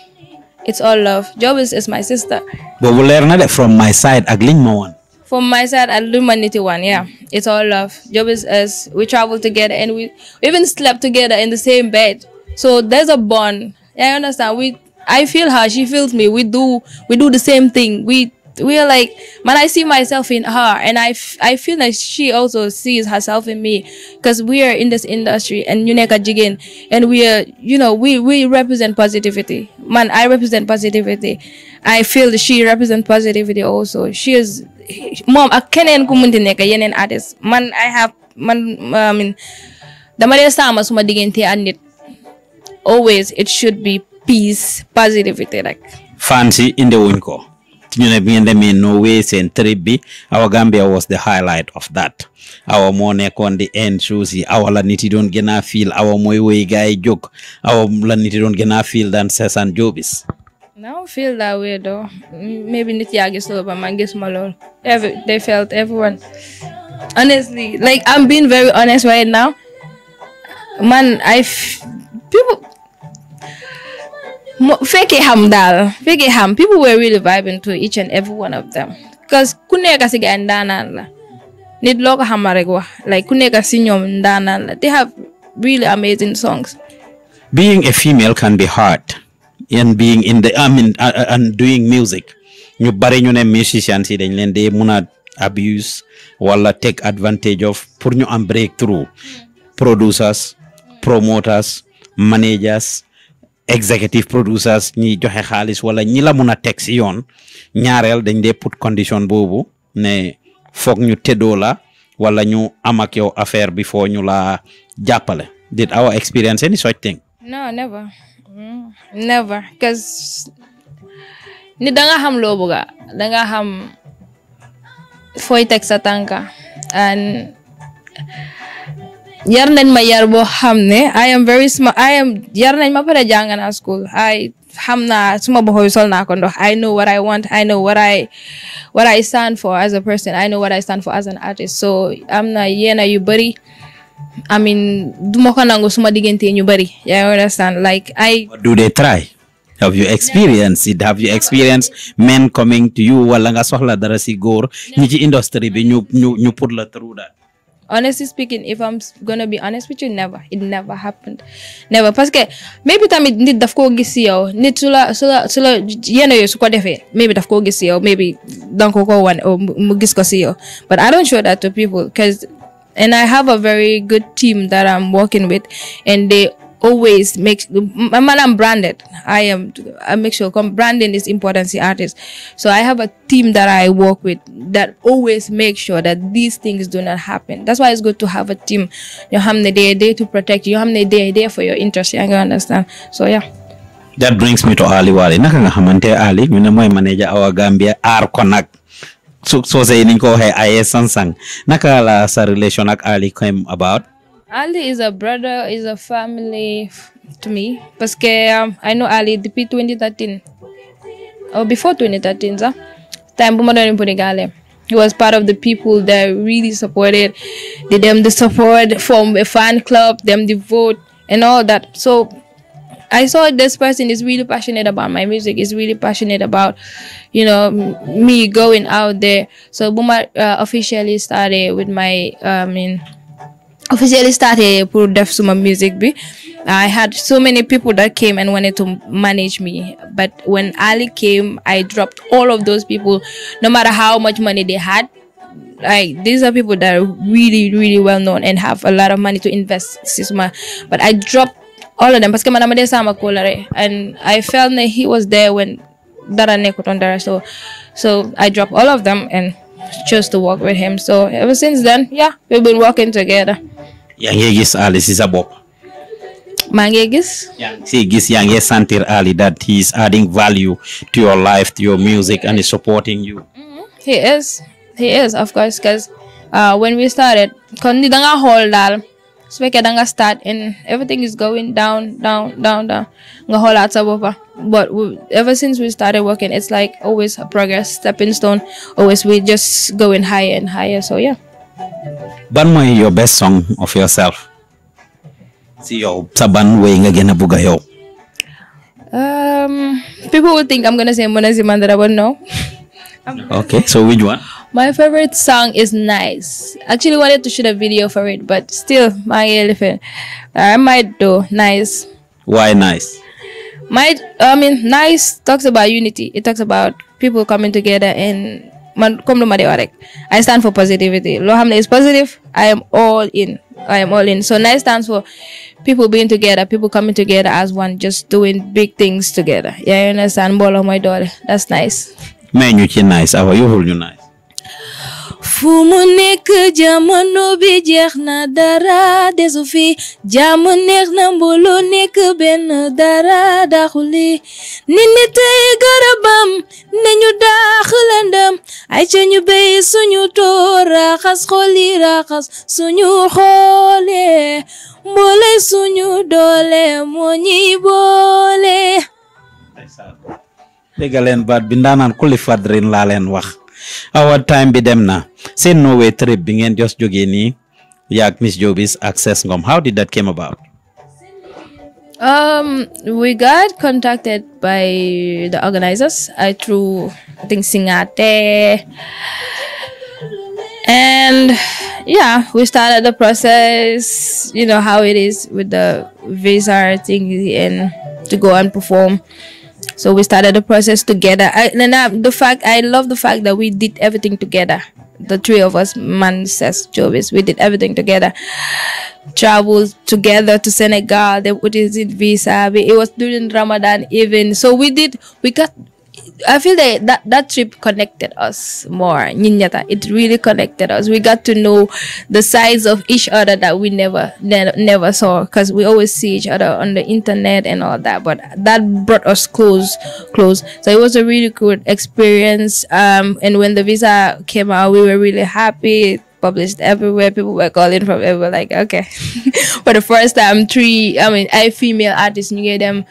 it's all love. Job is my sister. But we learn that from my side, glimmer one. From my side, Aglinmanity one, yeah. It's all love. Job is, we travel together and we, we even slept together in the same bed. So there's a bond. I understand. We, I feel her, she feels me. We do, we do the same thing. We we are like man i see myself in her and I, I feel like she also sees herself in me because we are in this industry and Yuneka Jigin and we are you know we we represent positivity man i represent positivity i feel that she represents positivity also she is mom a kenen kumundineka yenen artist man i have man i mean the maria sama suma diggante always it should be peace positivity like fancy in the ko ñu ne bi ngeen demee Norway seen trip bi awa Gambia was the highlight of that awa moo nekkoon di end shows yi awa la nit yi doon gën a fiil awa mooy woy gaay jóg awa la nit yi doon gën a fiil daan jobis now feel that way though maybe nit yaa gis ba man gis ma loolu every they felt everyone honestly like I'm being very honest right now man I people fekkee xam daal fekkee xam people were really vibing to each and every one of them because ku nekk si gaay ndaanaan la nit loo ko xamal rek wax like ku nekk si ñoom ndaanaan la they have really amazing songs. being a female can bi hard and being in the I mean uh, uh, and doing ñu bari ñu ne musicians yi dañ leen di mun a abuse wala take advantage of pour ñu am breakthrough producers executive producers ñi joxe xaalis wala ñi la mun a teg si yoon ñaareel dañ dee put condition boobu ne foog ñu tëddoo la wala ñu am ak affaire bi foo ñu la jàppale did our experience any no never mm, never ni danga xam loo bëgga danga xam fooy teg sa tànka yar nañ ma yar boo xam ne I am very smart I am yar nañ ma pare jàng naa school I xam naa suma boxo bi sol naa ko ndox I know what I want I know what I what I stand for as a person I know what I stand for as an artist so am na yeena yu bëri I mean duma ko nangu suma diggante ñu bëri yaa ngi understand like I do they try have you experienced men coming to you wala nga soxla dara si góor ñi ci industry bi ñu ñu ñu put la through that honestly speaking if i'm gonna be honest with you never it never happened never Because maybe time it need koo gis si yow nit su la su la su la yenn yooyu maybe daf koo gis maybe don't wan one oh, or ko si but i don't show that to people because and i have a very good team that i'm working with and they always make man. I'm branded, I am I make sure branding is important to artists. So I have a team that I work with that always make sure that these things do not happen. That's why it's good to have a team. You have the day there to protect you. You have the day there for your interest. You understand? So yeah. That brings me to Ali Wali. Naka nga hamante Ali, ñu mo mooy manager Awa Gambia R Konak. So so say niñ ko he ayé sansang. Naka la sa relation ak Ali came about? Ali is a brother, is a family to me. Because um, I know Ali depuis 2013. Or oh, before 2013, sir. Time He was part of the people that really supported them the support from a fan club, them the vote and all that. So I saw this person is really passionate about my music, is really passionate about, you know, me going out there. So Boomer uh, officially started with my, uh, I mean, officially started put def suma music bi i had so many people that came and wanted to manage me but when ali came i dropped all of those people no matter how much money they had like these are people that are really really well known and have a lot of money to invest sisma but i dropped all of them because and i felt that he was there when dara nekkut dara so so i dropped all of them and chose to work with him. So ever since then, yeah, we've been working together. Yangegis Ali Sisabop. Mangegis? Yangegis Yange Santir Ali that he's adding value to your life, to your music, and is supporting you. Mm -hmm. He is. He is, of course, because uh, when we started, Kondi Danga so we can start and everything is going down, down, down, down. The whole lot of But we, ever since we started working, it's like always a progress, stepping stone. Always we just going higher and higher. So yeah. Ban mo your best song of yourself? Si yo saban way nga ginabuga yo. Um, people would think I'm gonna say Mona Zimandara, but no. okay, so which one? My favorite song is Nice. Actually wanted to shoot a video for it, but still, my elephant. I might do Nice. Why Nice? My, I mean, Nice talks about unity. It talks about people coming together and man I stand for positivity loo is positive I am all in I am all in so NICE stands for people being together people coming together as one just doing big things together Yeah, you understand mbooloo my doole that's NICE. may you ci NICE How are you holding NICE. fu mu nekk jamono bi jeex na dara desu fi jàmm neex na mbulu nekk benn dara daxuli nit ñi tey garabam nañu daax lëndëm ay ca ñu béy suñu toor raxas xoli raxas suñu xoole mboole suñu doole moo ñuy boole dégg leen baat bi ndaanaan kuli fadrin laa leen wax Our time be them now. Say no way trip being and just jogini. Yak Miss Joby's access gom How did that came about? Um, we got contacted by the organizers I through I think Singate, and yeah, we started the process. You know how it is with the visa thing and to go and perform. So we started the process together. I, and I, the fact I love the fact that we did everything together. The three of us, man says Jovis, we did everything together. Traveled together to Senegal. They put visa. It was during Ramadan even. So we did. We got I feel that, that that trip connected us more. Ninyata, it really connected us. We got to know the sides of each other that we never ne- never saw because we always see each other on the internet and all that. But that brought us close, close. So it was a really good experience. Um, and when the visa came out, we were really happy published everywhere. People were calling from everywhere. Like, okay, [laughs] for the first time, three. I mean, a female artist. You get them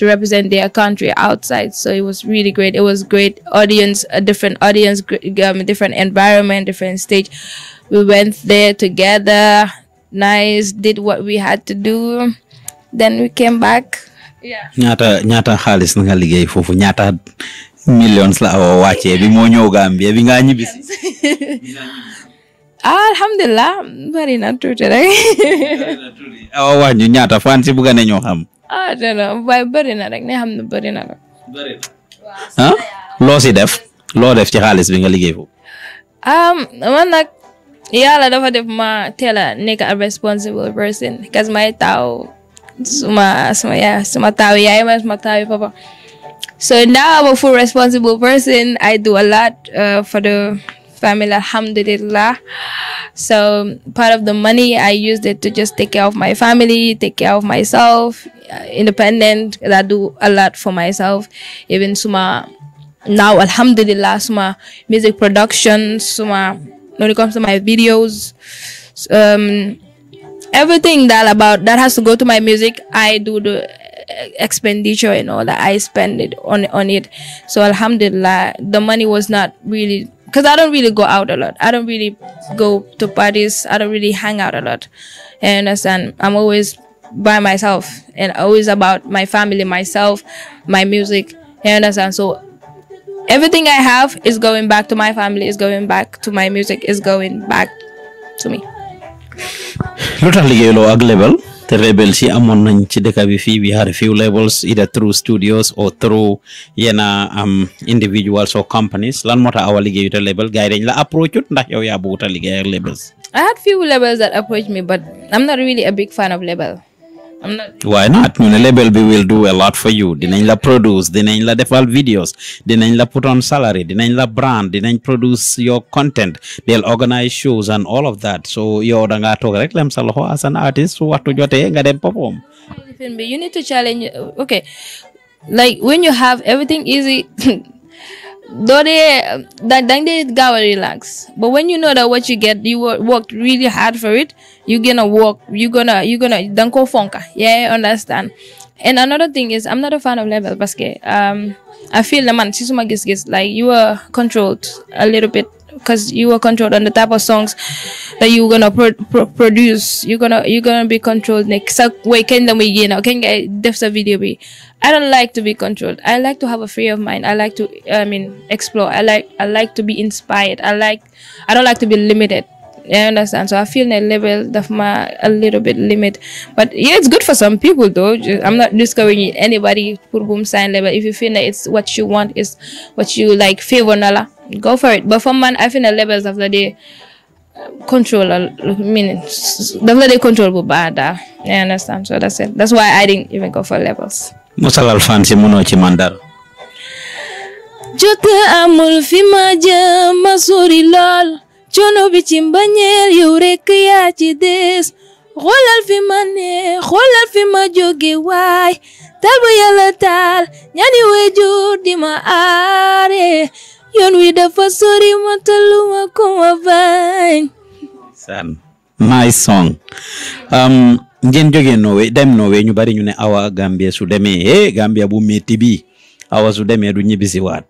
to represent their country outside. So it was really great. It was great audience, a different audience, um, different environment, different stage. We went there together. Nice. Did what we had to do. Then we came back. Yeah. millions la wàccee bi mo ñëw Gambia bi ngaa ñibbisi [laughs] alhamdulillah bari na tuuti rek awa waaju ñaata fan si bëgg nañoo xam ah dana waaye bari na rek ne xam ne bari na rek ah loo si def loo def ci xaalis bi nga liggéey foofu um man nag yàlla ya dafa def ma teel a a responsible person because may taaw suma suma ya suma taaw ya ma ya, suma taaw ya, papa so now I'm a full responsible person I do a lot uh, for the family alhamdulillah so part of the money i used it to just take care of my family take care of myself uh, independent i do a lot for myself even suma now alhamdulillah suma music production suma when it comes to my videos um everything that about that has to go to my music i do the expenditure and all that i spend it on on it so alhamdulillah the money was not really because i don't really go out a lot i don't really go to parties i don't really hang out a lot and understand i'm always by myself and always about my family myself my music you understand so everything i have is going back to my family is going back to my music is going back to me lu tax liggéeyloo ak label te rebels yi amoon nañ ci dëkk bi fii we had a few levels either through studios or through yenn am individuals or companies lan moo tax awa liggéeyu te label gars yi dañ la approach ut ndax yow yaa bëggut a liggéey ak labels I had few labels that approached me but I'm not really a big fan of label Not... why not ñun label bi will do a lot for you dinañ la produce dinañ la defal videos dinañ la put on salary dinañ la brand dinañ produce your content they'll organize shows and all of that so yow da nga toog rek lem sa loxo as an artist waxtu jotee nga dem perform you need to challenge okay like when you have everything easy [laughs] though they that then they gotta relax but when you know that what you get you worked really hard for it you're gonna work you're gonna you're gonna don't go funka yeah understand and another thing is i'm not a fan of level basket um i feel the man like you were controlled a little bit because you were controlled on the type of songs that you are gonna pro pro produce. You're gonna you're gonna be controlled. Next so wait, can then we you know can get this video be I don't like to be controlled. I like to have a free of mind. I like to, I mean, explore. I like, I like to be inspired. I like, I don't like to be limited. I understand. So I feel a level of my a little bit limit, but yeah, it's good for some people though. I'm not discouraging anybody put boom sign level. If you feel that it's what you want, it's what you like favor nala, go for it. But for man, I feel the levels of the day uh, control uh, I mean the day control bad. I uh, understand. So that's it. That's why I didn't even go for levels. musalal fan si mënoo ci man jot amul fi ma jëm ma sori lool coono bi ci mbañeel yow rekk yaa ci des xoolal fi ma ne xoolal fi ma jóge waay taal ba taal ñaani wejur di ma aare yoon wi dafa sori ma taluma ko ma bañ san song um, ngeen jógee Norway dem Norway ñu bari ñu ne awa Gambia su demee eh Gambia bu métti bii awa su demee du ñibbisiwaat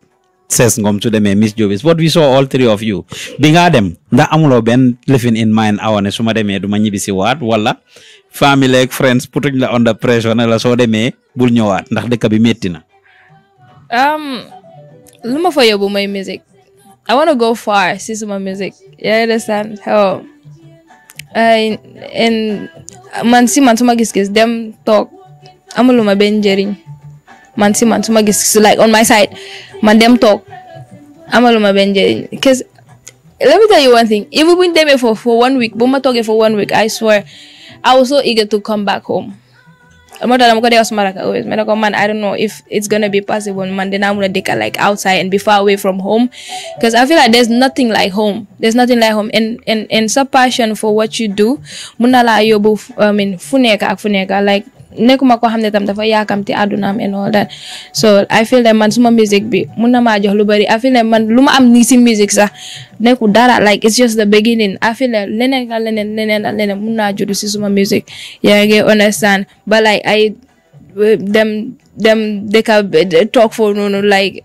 Ses Ngom su demee Miss Jobis what we saw all three of you bi ngaa dem ndax amuloo benn lefin in mind awa ne su ma demee du ma ñibbisiwaat wala famille ak friends putuñ la under pressure ne demee bul ñëwaat ndax dëkk bi métti na. Um, lu ma fa yóbbu music I want go far si suma music you understand how uh, and Man, man, mansi mantuma giskis them talk amuluma man, mansi mantuma giskis like on my side man them talk amaluma benjering because let me tell you one thing even when they for for one week boma talking for one week i swear i was so eager to come back home I'm not I'm gonna ask like always. Man, man, I don't know if it's gonna be possible. Man, then I'm gonna take her like outside and be far away from home, because I feel like there's nothing like home. There's nothing like home, and and and passion for what you do. Muna la yobu. I mean, funeka funeka like nekkuma koo xam ne tam dafa yaakamti àdduna am and all that so I feel like man suma music bi mun na maa jox lu bëri I feel like man lu ma am nii si music sax nekku dara like it's just the beginning I feel like le ak leneen leneen ak leneen mun naa juddu si suma music yaa ngi understand ba like ay dem dem dëkk toog foofu noonu like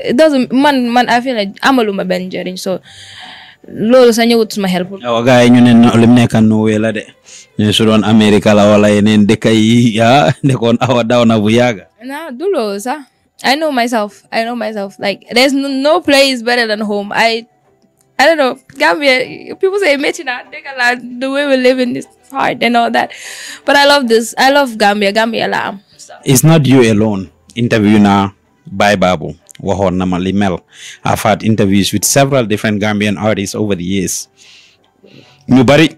man man I feel like amaluma benn njëriñ so loolu sa ñëwut suma xel. waaw gaay ñu ne lim nekkan nu we la de ñu su doon Amérique la wala yeneen dëkk yi ah nekkoon awa daw na bu yaaga na du loolu sax I know myself I know myself like there's no, place better than home I I don't know Gambia people say metina na la the way we live in this hard and all that but I love this I love Gambia Gambia la am. So. it's not you alone interview na bay babu waxoon na ma li mel I've had interviews with several different Gambian artists over the years ñu bari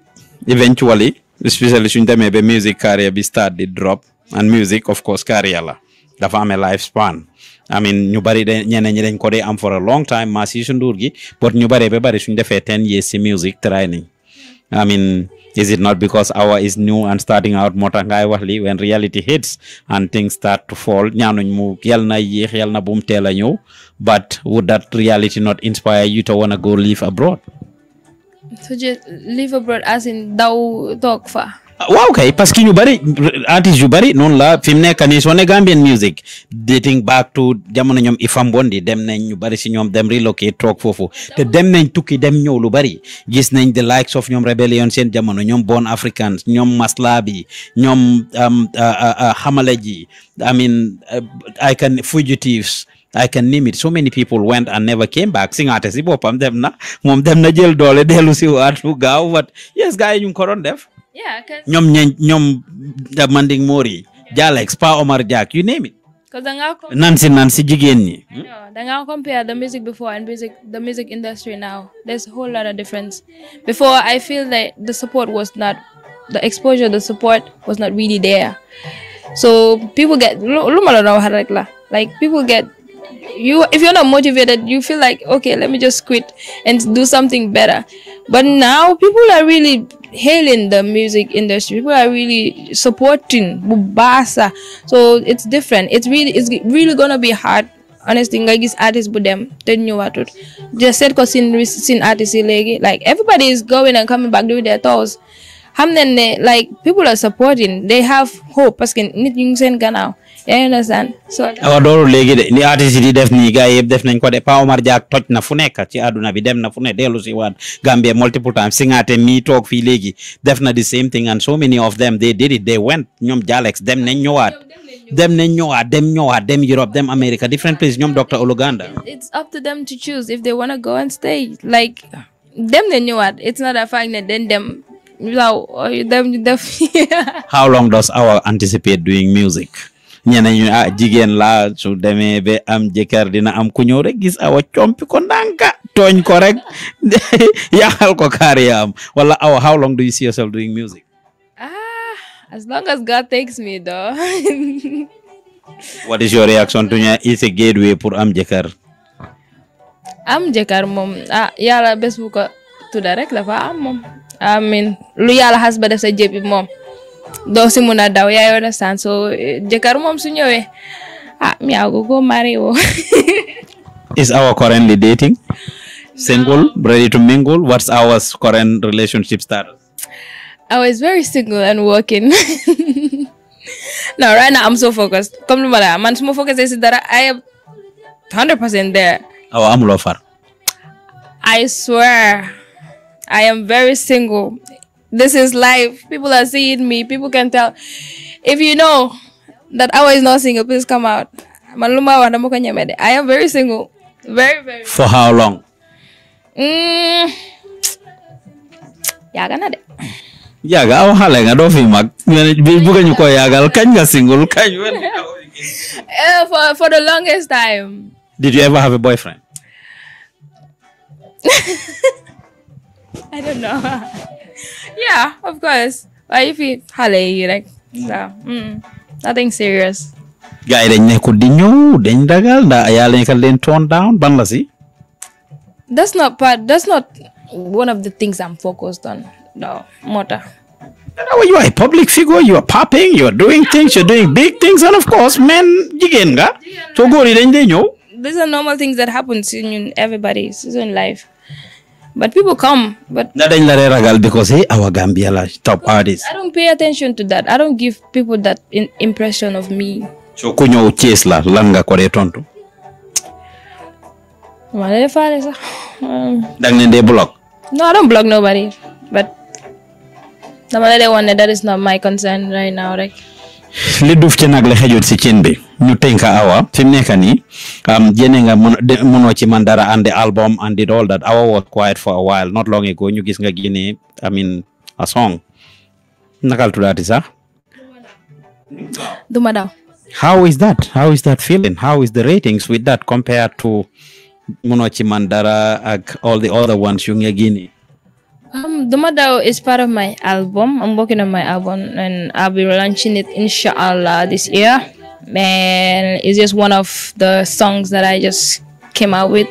eventually especially suñ demee ba music career bi start di drop and music of course career la dafa amee life span I mean ñu bari de ñeneen ñi dañ ko dee am for a long time Massi Sundur gi but ñu bari ba bari suñ defee ten years si music training I mean, is it not because our is new and starting out moo ngay wax li when reality hits and things start to fall ñaanuñ mu yal na yéex yal na bum teel a ñëw but would that reality not inspire you to wanna go To just abroad as in daw toog fa. waaw kay parce que ñu bari artiste yu bari noonu la fi mu nekk nii soo ne Gambian music dating back to jamono ñoom Ifam Bondi dem nañ ñu bari si ñoom dem relocate toog foofu te dem nañ tukki dem ñëw lu bari gis nañ the likes of ñoom Rebellion seen jamono ñoom Born Africans ñoom Maslabi ñoom um, uh, uh, uh, Hamale ji I mean I can fugitives I can name it so many people went and never came back sing artist si boppam dem na moom dem na jël doole dellu si waat lu gaaw but yes gars yi ñu ngi ko doon def. yeah because ñoom ñen ñoom da manding mori jalex pa omar jack you name it because danga nancy nancy jigéen ñi danga compare the music before and music the music industry now there's a whole lot of difference before i feel that the support was not the exposure the support was not really there so people get like people get you if you're not motivated you feel like okay let me just quit and do something better but now people are really hailing the music industry people are really supporting bubasa so it's different it's really it's really gonna be hard honestly nga artists artist them, they knew what just set ko because sin artist yi léegi like everybody is going and coming back doing their tours like people are supporting they have hope Asking que nit ñu ngi I understand so Our dooru léegi de ni artiste yi def nii gars yëpp def nañ ko de Pa Omar Jaak toj na fu nekk ci àdduna bi dem na fu ne dellu si Gambia multiple times singaate mii toog fii léegi def na the same thing and so many of them they did it they went Nyom. Jalex dem nañ ñëwaat them then Nyoa, them Nyoa, them Europe, them America, different place, Nyom Dr. Oluganda. It's up to them to choose if they want to go and stay. Like, them then What. it's not a fact that then them, them, them. How long does our anticipate doing music? ñene ñu ah jigen la su demee ba am jëkkër dina am ku ñëw rek gis awa chompi ko ndànka tooñ ko rek [laughs] yaxal ko kaariyaam wala awa how long do you see yourself doing music ah as long as god takes me though [laughs] what is your reaction to ñaa is a gateway pour am jekar am jekar mom ah ya bés bu ko tudda rek la fa am mom amin lu yàlla xas ba def sa jébi dosi muna daw ya yona san so eh, jëkkër mom su ñëwee ah mi ago mari wo [laughs] is our currently dating single ready to mingle what's our current relationship status i was very single and working [laughs] no right now i'm so focused comme lu la man suma ma focusé si dara i am 100% there awa amuloo far i swear i am very single this is life. People are seeing me. People can tell. If you know that Awa is not single, please come out. I am very single. For how long? Mm. Yaga na de. Yaga, nga doo fi mag. Bi ñu ko yaagal kañ nga single kañ. [laughs] Eh, for the longest time. Did you ever have a boyfriend? [laughs] [laughs] yeah, of course. Why if you hale, like so. Mm, nothing serious. Gaay dañ ne ko di dagal da ya lañ ka down Banlasi? That's not part. That's not one of the things I'm focused on. No, motor. No, you are a public figure. You are popping. You are doing things. You're doing big things, and of course, men, jigen So go dañ These are normal things that happen to everybody. It's in life. But people come. But because hey, our Gambia like top artist. I don't pay attention to that. I don't give people that impression of me. So kunyo chase la langa kore tonto. Malele fare sa. Dang nende block. No, I don't block nobody. But the malele one that is not my concern right now, li duuf ci nag la xejul si cin bi ñu tënka awa fi mu nekk nii jëne nga mënoo ci man dara and the album and did all that awa was quiet for a while not long ago ñu gis nga génne I mean a song nakal tuddaati sax is that how is that feeling how is the ratings with that compared to mënoo ci man dara ak all the other ones yu nga génne Um, Dumadao is part of my album. I'm working on my album and I'll be launching it inshallah this year. And it's just one of the songs that I just came out with.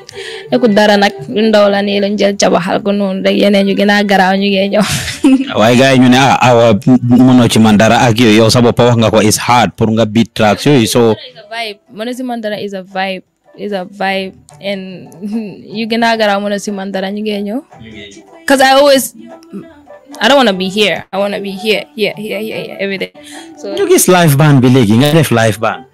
Aku dara nak ndaw la ni lañ jël jabaxal ko noonu rek yeneen ñu gën a garaaw ñu ngi ñëw. [laughs] waaye gars yi ñu ne ah, ah awa mënoo ci man dara ak yow sa bopp wax nga ko is hard pour nga beat tracks yooyu so. Manesi Mandara is a vibe. is a vibe and [laughs] you can not get out when you man that you get you because i always i don't want to be here i want to be here here here here, here every day so you get live band beleging and live band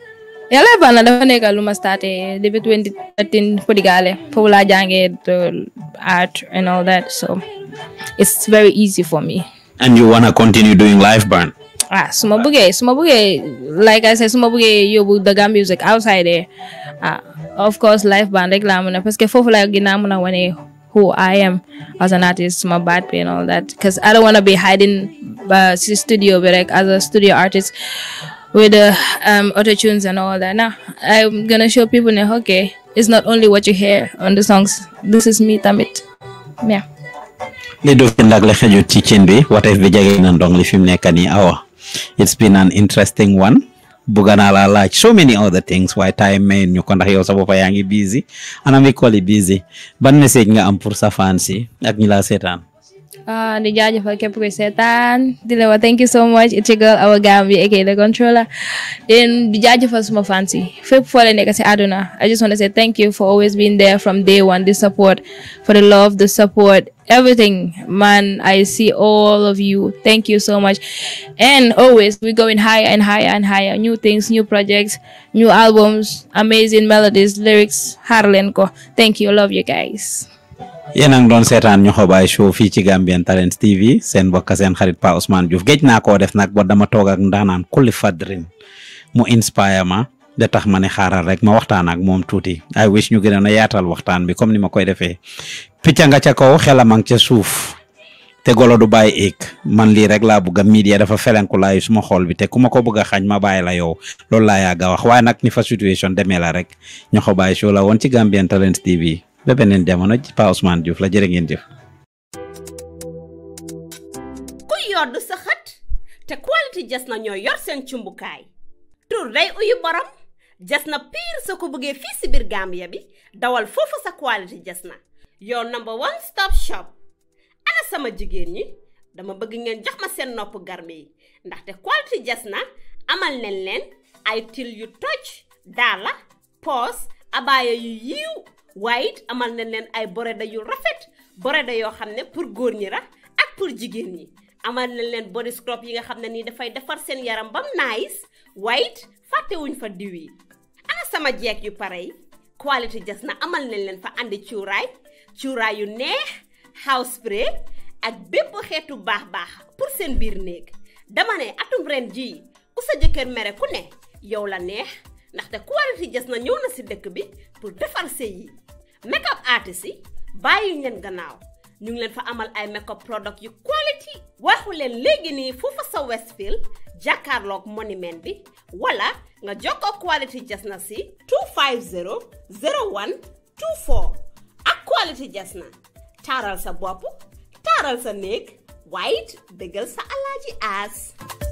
ya live band dafa nek lu ma starté depuis eh. 2013 podigale pour eh. la eh, the art and all that so it's very easy for me and you want to continue doing live band ah suma buge suma buge like i said suma buge you the gam music outside there ah of course life band like lamuna because for foofu laa i who I am as an artist my bad pay and all that because I don't want to be hiding uh, studio but like as a studio artist with the uh, um, auto tunes and all that now I'm gonna show people now okay it's not only what you hear on the songs this is me tamit yeah li it's been an interesting one bugga naa laa laaj so many other things waaye time may ñu ko ndax yow sa bopp yaa ngi busy anam i call busy ban message nga am pour sa fans ak ñi laa seetaan uh, di jaajëfal képp koy di thank you so much girl, our Gambi aka the controller and di jaajëfal suma fans fancy. fépp foo I nekk not àdduna I just want to say thank you for always being there from day one the support for the love the support everything man I see all of you thank you so much and always we're going higher and higher and higher new things new projects new albums amazing melodies lyrics xaar thank you love you guys yéen a doon seetaan ñu xobaay show fii ci Gambian Talents TV seen mbokk seen xarit Pa Ousman Joof géej naa koo def nag ba dama toog ak ndaanaan kulli fadrin mu inspire ma da tax ma ne xaaral rek ma waxtaan ak moom tuuti ay wish ñu gënoon na yaatal waxtaan bi comme ni ma koy defee picc nga ca kaw xelam a ngi ca suuf te golo du bàyyi éeg man lii rek laa bëgg a media dafa felenku laayu suma xool bi te ku ma ko bëgg a xañ ma bàyyi la yow loolu laa yàgg wax waaye nag ni fa situation demee la rek ñu xobaay show la woon ci Gambian Talents ba beneen jamono ci Pa Ousmane Diouf ngeen jëf. kuy yoddu sa xët te quality jas na ñoo yor seen cumbukaay tur day uyu borom jas na pire sa ko bëggee fii si biir bi dawal foofu sa quality jas na yow number one stop shop ana sama jigéen ñi dama bëgg ngeen jox ma seen nopp garme yi ndaxte quality jas na amal nañ leen ay til yu toj daala poos abaaya yu yiiw waaye amal na leen ay boreda yu rafet boreda yoo xam ne pour góor ñi la ak pour jigéen ñi amal na leen body scrub yi nga xam ne nii dafay defar seen yaram bam nice waaye fàttewuñ fa diw yi ana sama jeeg yu pare yi quality jas na amal nañ leen fa indi cuuraay cuuraay yu neex house spray ak bépp xeetu baax baax pour seen biir néeg dama ne atum ren jii ku sa jëkkër mere ku ne yow la neex ndaxte quality jas na ñëw na si dëkk bi pour defar sëy yi makeup artist yi bàyyi leen gannaaw ñu ngi leen fa amal ay makeup product yu quality waxu leen léegi nii foofu sa Westfield jàkkaarloog monument bi wala nga jokkoo quality jasna si 250 01 24 ak quality jasna taaral sa bopp taaral sa néeg waaye bégal sa alaaji aas